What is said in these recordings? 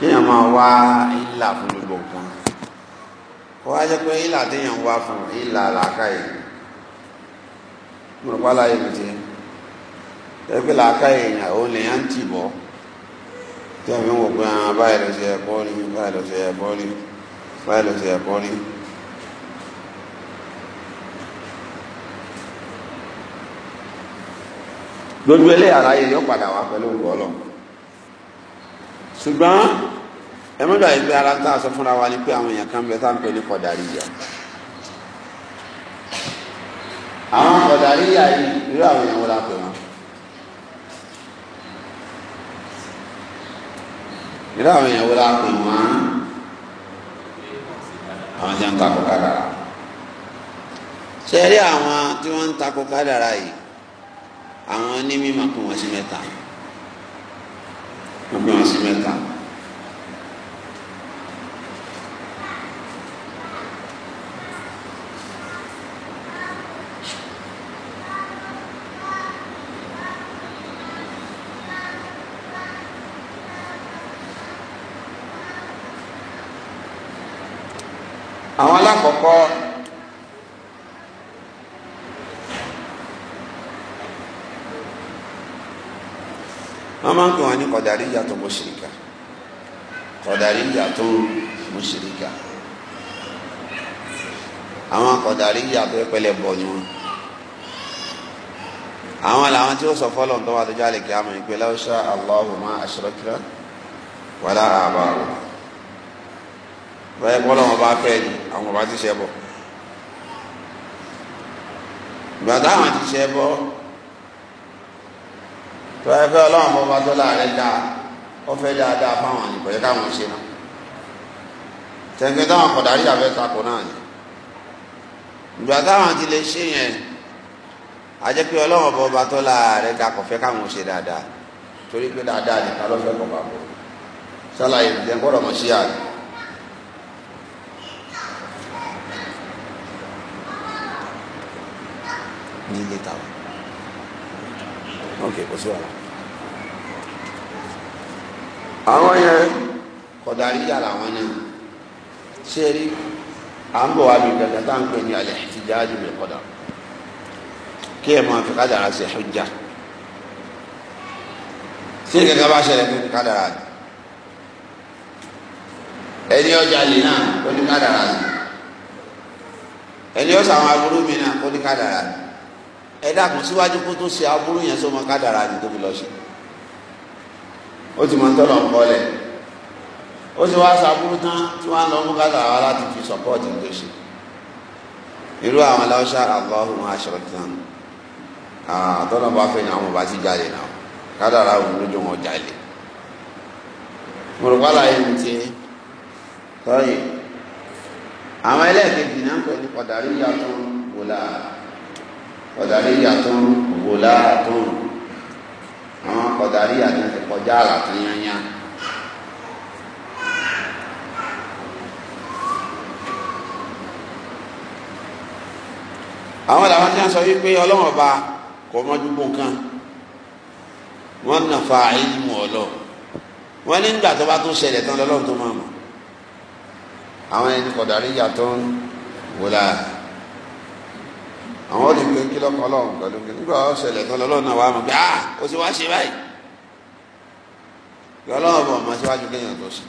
kéèyàn máa wá ìlà fún gbogbo nǹkan kó wá jẹ́ pé téèyàn wá fún ìlà làákàyè mo rò pa láyé mi pé làákàyè èèyàn òun lèèyàn ń tì bọ́ tí a fi ń wò pé àwọn ah, báyìí lọ sí ẹ̀kọ́ rí báyìí lọ sí ẹ̀kọ́ rí báyìí lọ sí ẹ̀kọ́ rí. gbogbo eléyàrá yìí yóò padà wá pẹ̀lú ọlọ́run ṣùgbọ́n ẹmúdọ̀ yìí pé ara ń tà sọ fúnra wa ni pé àwọn èèyàn kan bẹ tá à ń pè ní kọ̀dàríyà àwọn kọ̀dàríyà yìí irú àwọn èèyàn wọlé àpè wọn irú àwọn èèyàn wọlé àpè wọn àwọn tí wọn ń takò kádàrà ṣe rí àwọn tí wọn ń takò kádàrà yìí àwọn onímọ̀ kún wọn sí mẹ́ta wọn kún wọn sí mẹ́ta. àwọn alákọ̀ọ́kọ́ wọ́n máa ń pè wọ́n ní kọ̀dàríyà tó mùṣìríkà kọ̀dàríyà tó mùṣìríkà àwọn kọ̀dàríyà tó pẹlẹ bọ̀ ni wọn àwọn làwọn tí ó sọ fọlọ́n tó wà tó jáde kí a mọ̀ ní pé láwùjọ Allahu ma ashrakna wala àbáwò báyìí kọ́ lọ́wọ́ bá fẹ́ ni àwọn bá ti ṣe bọ̀ ìgbà táwọn ti ṣe bọ́ tó ẹ fẹ́ ọlọ́run bọ́ bá tó láàrẹ dáa ó fẹ́ dáadáa fáwọn àyìnbó yẹ káwọn ṣe náà tẹ̀gbẹ́ táwọn kọ̀dárí àfẹ́ takò náà ni ìgbà táwọn ti lè ṣe yẹn a jẹ́ pé ọlọ́run bọ́ bá tó láàrẹ dáa kò fẹ́ káwọn ṣe dáadáa torí pé dáadáa nìkan ló fẹ́ kọ̀ bàbọ̀ sálàyé ìjẹ́ńkọ́rọ̀ mọ̀ sí àná. ní ilé tàwa ok kò sí wàhálà àwọn yẹn kọ̀dárí yàrá wọn náà ṣé rí à ń bọ̀ wá bí gàgà tá à ń pè ní alẹ́ ti jáde mi kọ̀dà kí ẹ̀ máa fi kádàrá sí ẹ̀húnjà ṣé gàgà bá ṣẹlẹ̀ fún mi kádàrá ẹni ọjà lè náà ó ní kádàrá ẹni ọ̀sán àwọn aburú mi náà ó ní kádàrá ni ẹ dákun síwájú kó tó ṣe aburú yẹn sọmọ kádàrá ni tó fi lọ ṣe ó ti mọ ń tọ́lọ̀ ń kọ́lẹ̀ ó sì wá sàbúrú tán tí wọ́n á lọ mú kádàrá wa láti fi sọ́pọ́ọ̀tì tó ṣe irú àwọn aláwọ̀ṣà àlọ́hùn aṣọ̀tàn àtọ́nà bá fẹ́ ni àwọn bá ti jáde náà kádàrá òun lójú wọn jáde mo yìí mi ti tọ́yìn àwọn ẹlẹ́ẹ̀kejì náà ń pè yàtọ̀ wòlá kọ̀dáríyà tó ń wò lára tó ń àwọn kọ̀dáríyà tó ń fi kọjá àrà tó yányá. àwọn làwọn tí wọn sọ wípé ọlọ́wọ́n ọba kò mọ gbogbo nǹkan wọn nà fa ìlú ọlọ wọn ní nígbà tó bá tó ṣẹlẹ̀ tán lọ́lọ́run tó máa mọ̀ àwọn ẹni kọ̀dáríyà tó ń wò lára àwọn ti pé kí lọ́kọ̀ ọlọ́run pẹ̀lú kí nígbà ọ̀sẹ̀lẹ̀ kan lọ́lọ́run náà wà á mọ̀ pé ah ó ti wá ṣe báyìí kí ọlọ́run bọ̀ ọmọ síwájú kéèyàn tó ṣe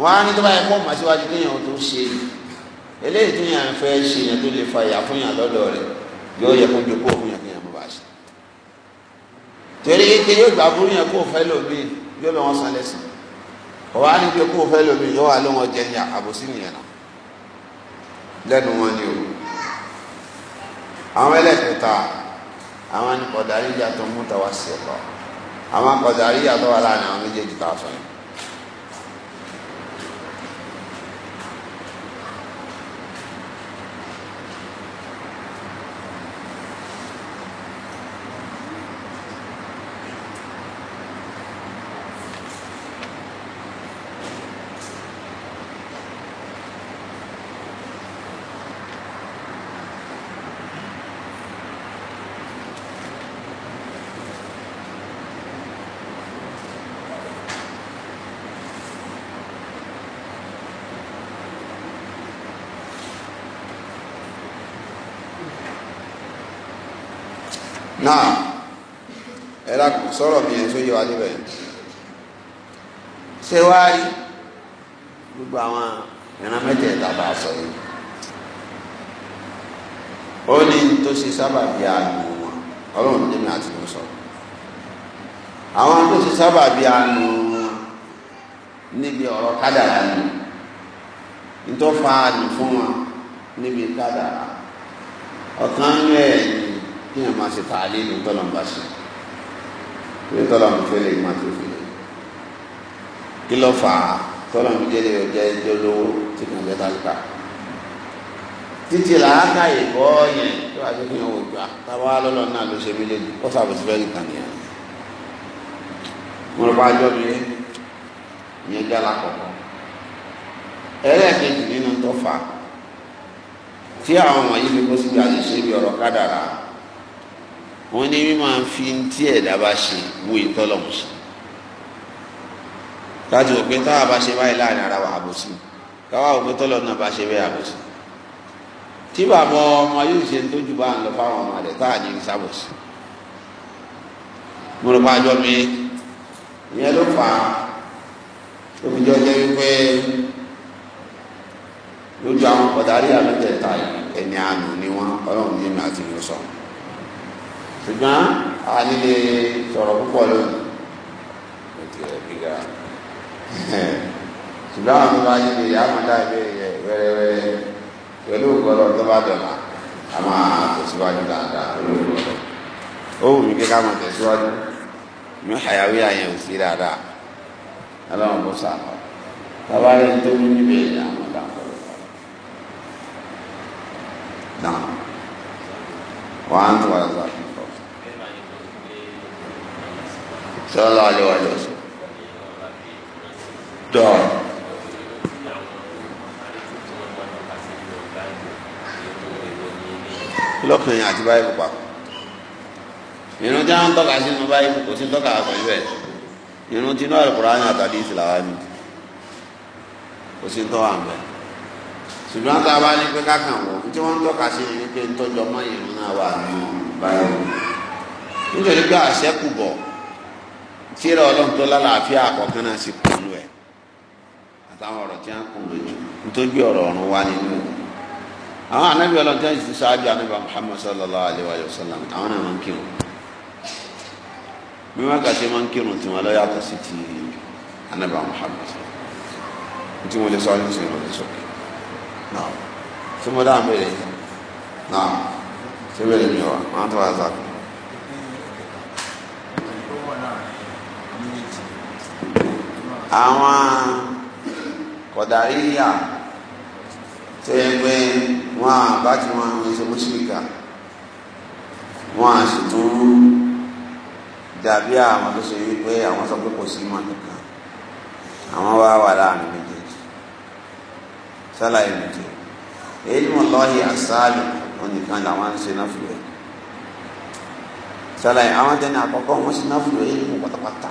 wọ́n á ní tó báyìí kó ọmọ síwájú kéèyàn tó ṣe eléyìí tó yàn fẹ́ ṣe yẹn tó lè fa ìyà fún yàn lọ́dọ̀ rẹ̀ yóò yẹ kó jókòó fún yàn kéèyàn mọ̀ bá ṣe torí ike yóò gbà fún yàn kó fẹ́ lómi yóò lọ́ wọn san lẹ́sìn ọ̀wá ní pé kó fẹ́ lómi yóò wà lọ́wọ́ wọn ni àwọn ẹlẹ́kẹta àwọn kọ̀dàríyà tó mú tàwa sí ẹ̀kọ́ àwọn kọ̀dàríyà tó wà láàrin àwọn méjèèjì tá a náà ẹ sọ̀rọ̀ mi yẹn tó yẹ wá ṣé gbogbo àwọn mẹ́tẹ̀ẹ̀ta bá sọ yìí ó ní tó ṣe sábàbí àánú wọn ọlọ́run ní mi àti mi sọ àwọn tó ṣe sábàbí àánú wọn níbi ọ̀rọ̀ ni kí ẹ máa ṣe tààlé ní tọ́lọ̀mbà ṣe ní tọ́lọ̀mbà fẹ́ lè má tó fi lè kí ló fà á tọ́lọ̀mbà jẹ́lẹ̀ ọjọ́ ẹjọ́ lówó tí kò ń bẹ́ tálíkà títí làákà ìbọ́ yẹn tó wà lókè yẹn wò gbà táwa lọ́lọ́ náà ló ṣe méjèèjì ó sàbẹ̀sí fẹ́ nìkan nìyẹn mo rò bá jọ mi ìyẹn jẹ́ alákọ̀ọ́kọ́ ẹlẹ́ẹ̀kejì nínú tó fà á tí àwọn wọ̀nyí fi kó síbi àṣìṣe bí ọ̀rọ̀ kádàrà á wọ́n ní mi máa fi tí ẹ̀dá bá ṣe wo ìtọ́lọ́mù sí láti wò pé táwa bá ṣe báyìí láàrin ara wa àbòsí káwa wò pé tọ́lọ́ náà bá ṣe bẹ́ẹ̀ àbòsí tí bàbá ọmọ yóò ṣe ń tójú bá ń lọ fáwọn ọmọ rẹ̀ táà ní ìsàbòsí mo rò pàjọ mi ìyẹn ló fà á òfìjọ jẹ́ wípé lójú àwọn pọ̀dárí àlọ́jẹ̀ta ẹni àánú ni wọ́n ọlọ́run ní mi àti mi sọ̀rọ̀ ṣùgbọ́n a nílé sọ̀rọ̀ púpọ̀ lónìí ó ti rẹ̀ gíga ṣùgbọ́n àwọn tó bá yí ni ìyá máa dábẹ́ yẹ wẹ́rẹ́wẹ́rẹ́ pẹ̀lú ògbọ́dọ̀ tó bá dọ̀la a máa tẹ̀síwájú dáadáa lórí ọ̀rọ̀ ó wù mí kí ká máa tẹ̀síwájú mi àyàwé àyẹ̀wò sí dáadáa ọlọ́run kò sàkọ́ bàbá rẹ̀ tó mú níbẹ̀ ìyá máa dáhùn. نعم وأنت ولا ظالم sallallahu alaihi wa sallam tọ́ lọ́kàn yẹn àti báyìí papọ̀ irun tí wọ́n ń tọ́ka sínú báyìí kò sí tọ́ka pẹ̀lú ẹ̀ irun tí náà Al-Qur'ani àtàdé ìsìláwá mi kò sí tọ́wà ń bẹ̀ ṣùgbọ́n tá a bá ní pé kákan wọ̀ tí wọ́n ń tọ́ka sí ni pé ń tọ́jú ọmọ irun náà wà nínú báyìí nítorí pé àṣẹ kù bọ̀ tíra ọlọ́run tó lálàáfíà àkọ́kán náà sì pọ̀lú ẹ̀ àtàwọn ọ̀rọ̀ tí a ń kún lójú nítorí ọ̀rọ̀ ọ̀run wá nínú àwọn anábì ọlọ́run tí wọ́n ti ṣáájú anábì Muhammad sallallahu alayhi wa sallam àwọn náà máa ń kírun bí wọ́n kà sí máa ń kírun tí wọ́n lọ́yàtọ̀ sí ti anábì Muhammad tí wọ́n lè sọ ọdún sí ìrọ̀lẹ́ sókè náà tí mo dáhùn bẹ́ẹ̀ náà tí bẹ́ẹ̀ mi wà wọ́n á tó wá sáà àwọn kọ̀dàríyà tó yẹ pé wọn àbá tí wọn àwọn ẹsẹ mọ́ṣíríkà wọn à sì tún dàbí àwọn tó ṣe wípé àwọn sọ pé kò sí mọ́ nìkan àwọn wá wà láàrin méjèèjì sálàyé méjì èyí ni mo lọ yí àṣàlù wọn nìkan làwọn ṣe náà fúlẹ̀ sálàyé àwọn tẹ́ni àkọ́kọ́ wọn ṣe náà fúlẹ̀ èyí ni pátápátá.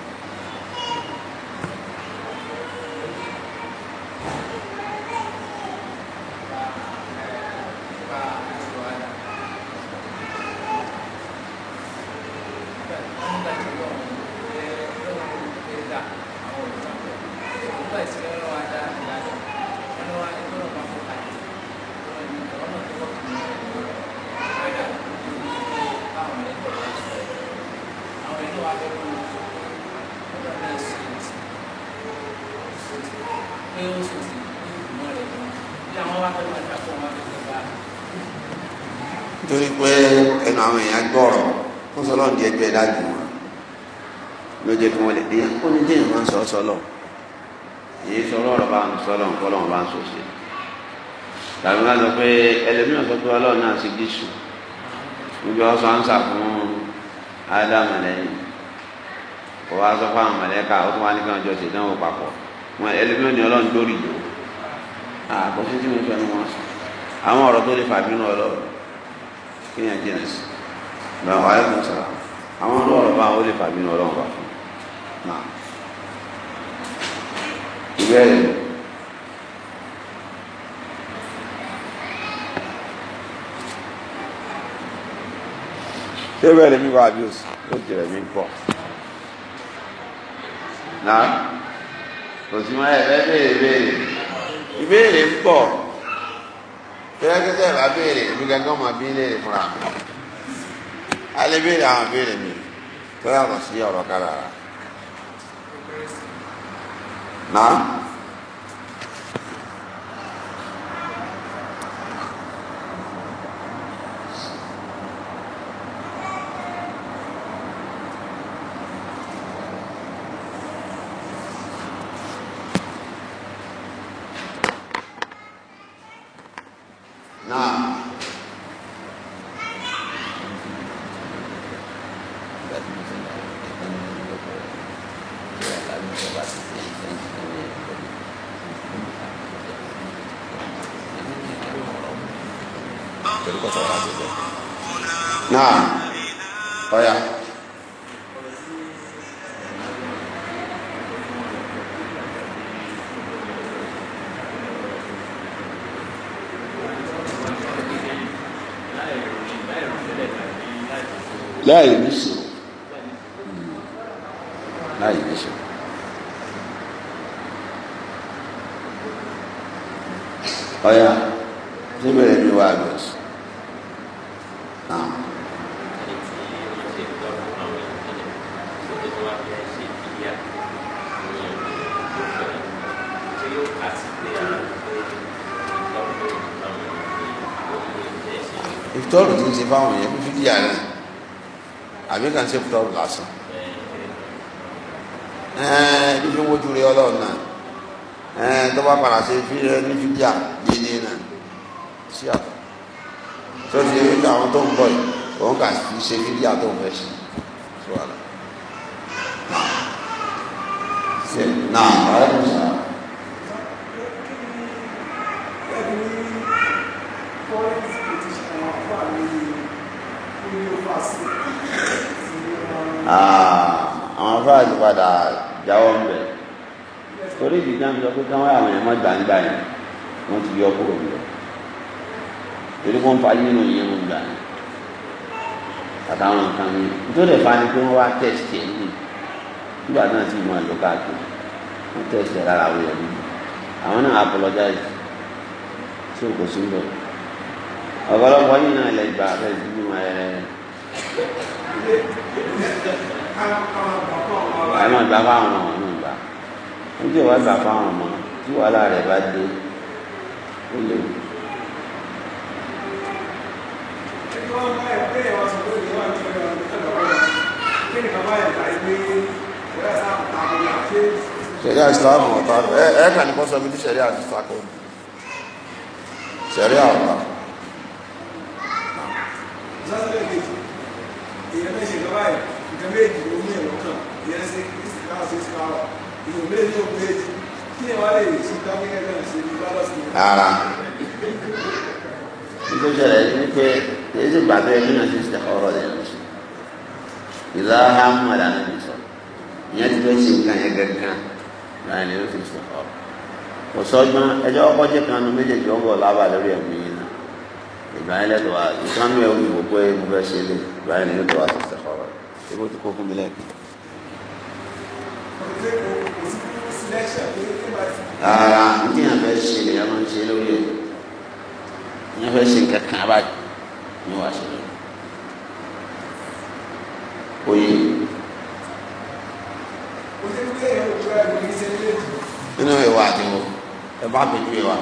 没有限制，没有限制，没有限制，让我把这个打破，我这个打。torí pé ẹnu àwọn èèyàn gbọ́rọ̀ wọ́n sọ lọ́nà ẹgbẹ́ dájú wọn ló jẹ́ kí wọ́n lè dín kó ní dín máa ń sọ sọ́lọ̀ èyí sọ lọ́rọ̀ bá ń sọ́lọ̀ ń kọ́lọ́ bá ń sọ sí tàbí wọ́n pé sọ pé náà ti gíṣù ń sà fún ádámù kò wá sọ fáwọn mọ̀lẹ́ka ó tún wá ní kí wọ́n jọ ṣe ìdánwò papọ̀ wọn ẹlẹ́gbẹ́ ni ọlọ́run tó rì jò àkọsí tí mo fẹ́ nu wọn sùn àwọn ọ̀rọ̀ tó lè fà bínú ọlọ́run kí ni àjẹnà sí bẹ́ẹ̀ wọ́n ayé kan sọ̀rọ̀ àwọn ọlọ́run bá ó lè fà bínú ọlọ́run bá fún un. ìbéèrè mi. ṣé bẹ́ẹ̀ lèmi wá abuse ó jẹ̀rẹ̀ mi pọ̀ nà kò sí mọ́ ẹ̀ fẹ́ béèrè béèrè ìbéèrè ń pọ̀ bẹ́ẹ̀ kẹ́kẹ́ bá béèrè èmi gángan máa bí léèrè fúnra mi a lè béèrè àwọn béèrè mi tó yàtọ̀ sí ọ̀rọ̀ kára nà. ìjọba ti ṣe iṣẹ́ ìṣẹ̀lẹ̀ ìpẹ̀lú kọ́tà ọ̀rọ̀ àti ẹ̀jẹ̀. náà ọ̀yà. láì ní sùn. ọ̀yà síbẹ̀ rẹ̀ ni wà á lọ sí. ìtọ́rù tí ń ṣe fáwọn èèyàn fífi díà rẹ̀ àbí kàn ṣe ìtọ́rù lásán fífi wojú rẹ̀ ọlọ́run náà tó bá padà ṣe fi rẹ̀ eh, ní fífi díà sí àtọ̀ tó ti rí àwọn tó ń bọ̀ yìí òun kà fi ṣe fídíò àtọ̀ òun fẹ́ ṣe sí wàhálà. náà ààrẹ kò sá. àwọn fáàlì padà jáwọ́ ń bẹ̀ torí ìdí náà sọ pé káwọn àwọn èèyàn mọ́ gbàǹgbà yẹn wọ́n ti yọ kúrò nílẹ̀ torí wọ́n ń fa nínú yẹn ń gbà ní àtàwọn nǹkan mi nítorí ẹ̀fà ni pé wọ́n wá tẹ̀sítì ẹ̀ nínú nígbà náà sì máa lọ káàkiri wọ́n tẹ̀sítì ẹ̀ lára àwọn ẹ̀mí àwọn náà apologize tí o kò sí lọ ọ̀pọ̀lọpọ̀ yìí náà lè gbà fẹ́ dúró máa yẹrẹ ẹ máa gbà fáwọn ọmọ ọmọ gbà ó jẹ́ wàá gbà fáwọn ọmọ tí wàhálà rẹ̀ bá dé ó lè wù. sẹ̀ríà islam ọ̀tá ẹ̀ẹ́kà ní kọ́sọ̀ bíi sẹ̀ríà ti takò sẹ̀ríà ọ̀tá. ara nítorí ẹ̀rẹ́ wípé èyí gbà tó yẹ kí náà ti ṣe ọ̀rọ̀ rẹ̀ lọ sí ìlà hamad anabi sọ ìyẹn ti fẹ́ ṣe nǹkan yẹn gẹ́gẹ́ láì ní ló ti ṣe ọ̀rọ̀ kò sọgbọ́n ẹjọ́ ọkọ̀ jẹ́ kan nu méjèèjì ọgbọ̀ lábà lórí ẹ̀mí yìí náà ìgbà yẹn lẹ́tọ̀ wá ìkánú ẹ̀ wù wò pé mo fẹ́ ṣe lé ìgbà yẹn lẹ́tọ̀ wá ti ṣe ọ̀rọ̀ ebó ti kó fún mi lẹ́ẹ̀kan. ara ní kí yẹn fẹ́ ṣe lè yẹn máa ń ṣe lórí ẹ̀ yẹn fẹ́ ṣe nǹkan kan báyìí ní wàá ṣẹlẹ̀ oyè. nínú ìwà àdìwọ ẹ bá mi ju ìwà.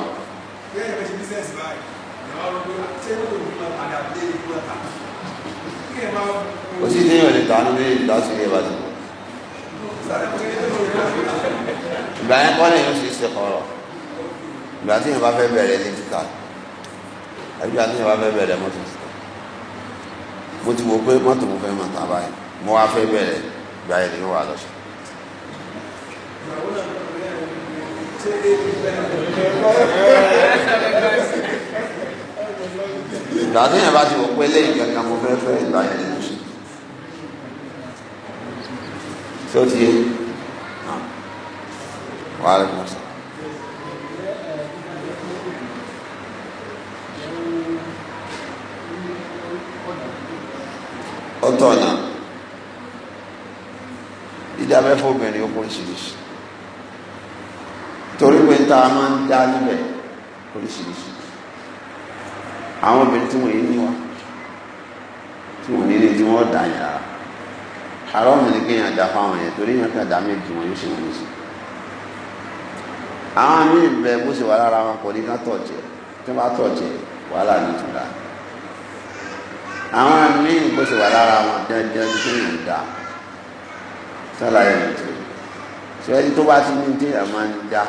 o sì ní ìwà lè tànú bí ìdásí ilé ìbàdàn. ìgbà yẹn kọ́ lẹ́yìn oṣù ṣe kọ̀ọ̀rọ̀ ìgbà tí yẹn bá fẹ́ bẹ̀rẹ̀ ní títà ìgbà tí yẹn bá fẹ́ bẹ̀rẹ̀ mọ́tò mo ti wò pé mọ́tò mo fẹ́ mọ̀ tán báyìí mo wá fẹ́ bẹ̀rẹ̀ gba ẹ̀ ní wà lọ́sọ̀. ìgbà tí yẹn bá ti wò pé lẹ́yìn kankan mo fẹ́ fẹ́ ìgbà yẹn ní mo ṣe. ti yé? wàhálà kò ó tọ̀nà dídábẹ́ fóbìnrin ó póríṣiríṣi torí pé ta máa ń dá níbẹ̀ póríṣiríṣi àwọn obìnrin tí wọ́n yé níwá tí wọ́n nílé tí wọ́n dà yàrá haram ni kéèyàn dá fáwọn yẹn torí yẹn kà dá méjì wọn yóò ṣe wọn sí àwọn míì bẹ bó ṣe wà lára wọn kò ní ká tọ̀ jẹ tí wọ́n bá tọ̀ jẹ wàhálà ní ìtura àwọn míì bó ṣe wà lára wọn jẹjẹ tí yìí dá sálàyé mi tó ṣe ẹni tó bá ti ní tí yàrá máa ń dá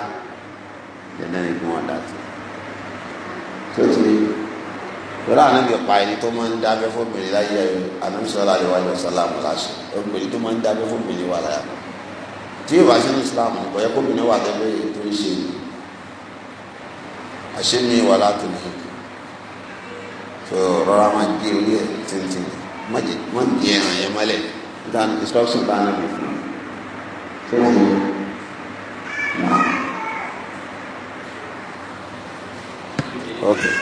jẹjẹ ní kí wọn dá sí tó ti lọ́la ànábì pa ẹni tó máa ń dábẹ́ fóbìnrin láyé ànábì sọ́lá àlè wájú ọ̀sálàmù láṣẹ obìnrin tó máa ń dábẹ́ fóbìnrin wà láyà tí yóò bá ṣe ní Islam kò yẹ kóbìnrin wà tẹ́lẹ̀ tó ń ṣe àṣẹ mi wà látòlẹ́yìn tó rọra máa gé orí ẹ̀ tìǹtìǹ má jẹ má gé ẹran yẹn mọ́lẹ̀ dáná instruction dáná bì fún mi tó ń lò nà. Okay.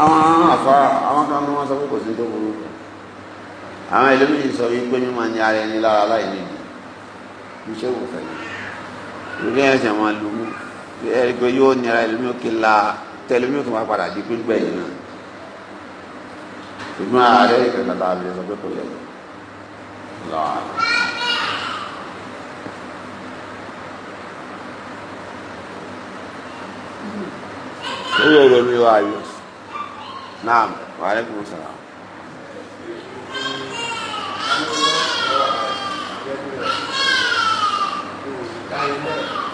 àwọn àfa àwọn kan ní wọn sọ pé kò sí tó burú àwọn ẹlòmíì sọ wípé mímọ ní ara ẹni lára láì nídìí iṣẹ́ wò fẹ́ yìí ìgbéyàwó ṣe máa lu mú ẹgbẹ́ yóò nira ẹlòmíì òkè la tẹlẹmí òkè máa padà di gbígbẹ́ yìí náà ṣùgbọ́n ààrẹ ìkẹ̀kẹ̀ tá a lè sọ pé kò yẹ lọ́wọ́. Oye ere mi wa ayo. Naam, wa alaikum salaam. Thank you.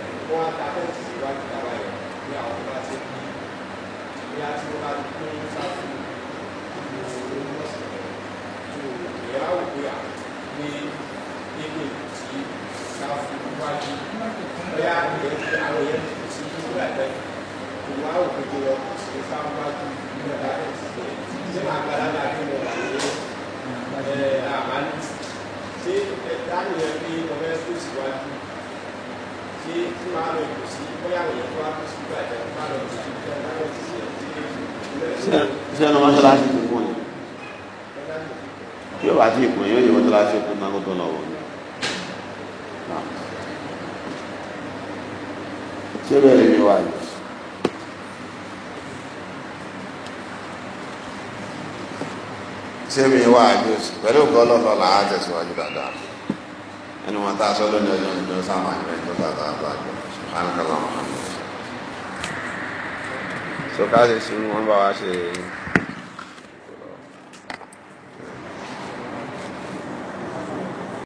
ìyá tí ó bá ti kó ń sá fún ìlú olùmọ̀sán tó ìyá òwe à ní nílò tí sá fún wájú bóyá ìyẹn àwọn ìyẹn tí ó wà bẹ́ẹ̀ kò wá òwe tó lọ sí sá wájú nígbà tá a ti sè é ṣé màá gbára láti lọ sí ẹ àmàlù ṣé ẹ̀dá nìyẹn bí ọmọ ẹ̀ sí ẹnu mọ́ṣáláṣí tó kún yẹn yóò bá ti kún yóò yẹ mọ́ṣáláṣí tó náà kó tó lọ wọ̀ ṣé bẹ́ẹ̀ lè mi wá yìí. ṣé mi wá àjò sí pẹ̀lú nǹkan ọlọ́ọ̀lọ́ là tẹ̀síwájú dáadáa ẹni wọn tá a sọ lónìí ọjọ́ ìjọ sáà máa ń rẹ̀ tó tààtà àgbà àjọ sùhánù mọ́hàmù so ká lè ṣe wọn bá wa ṣe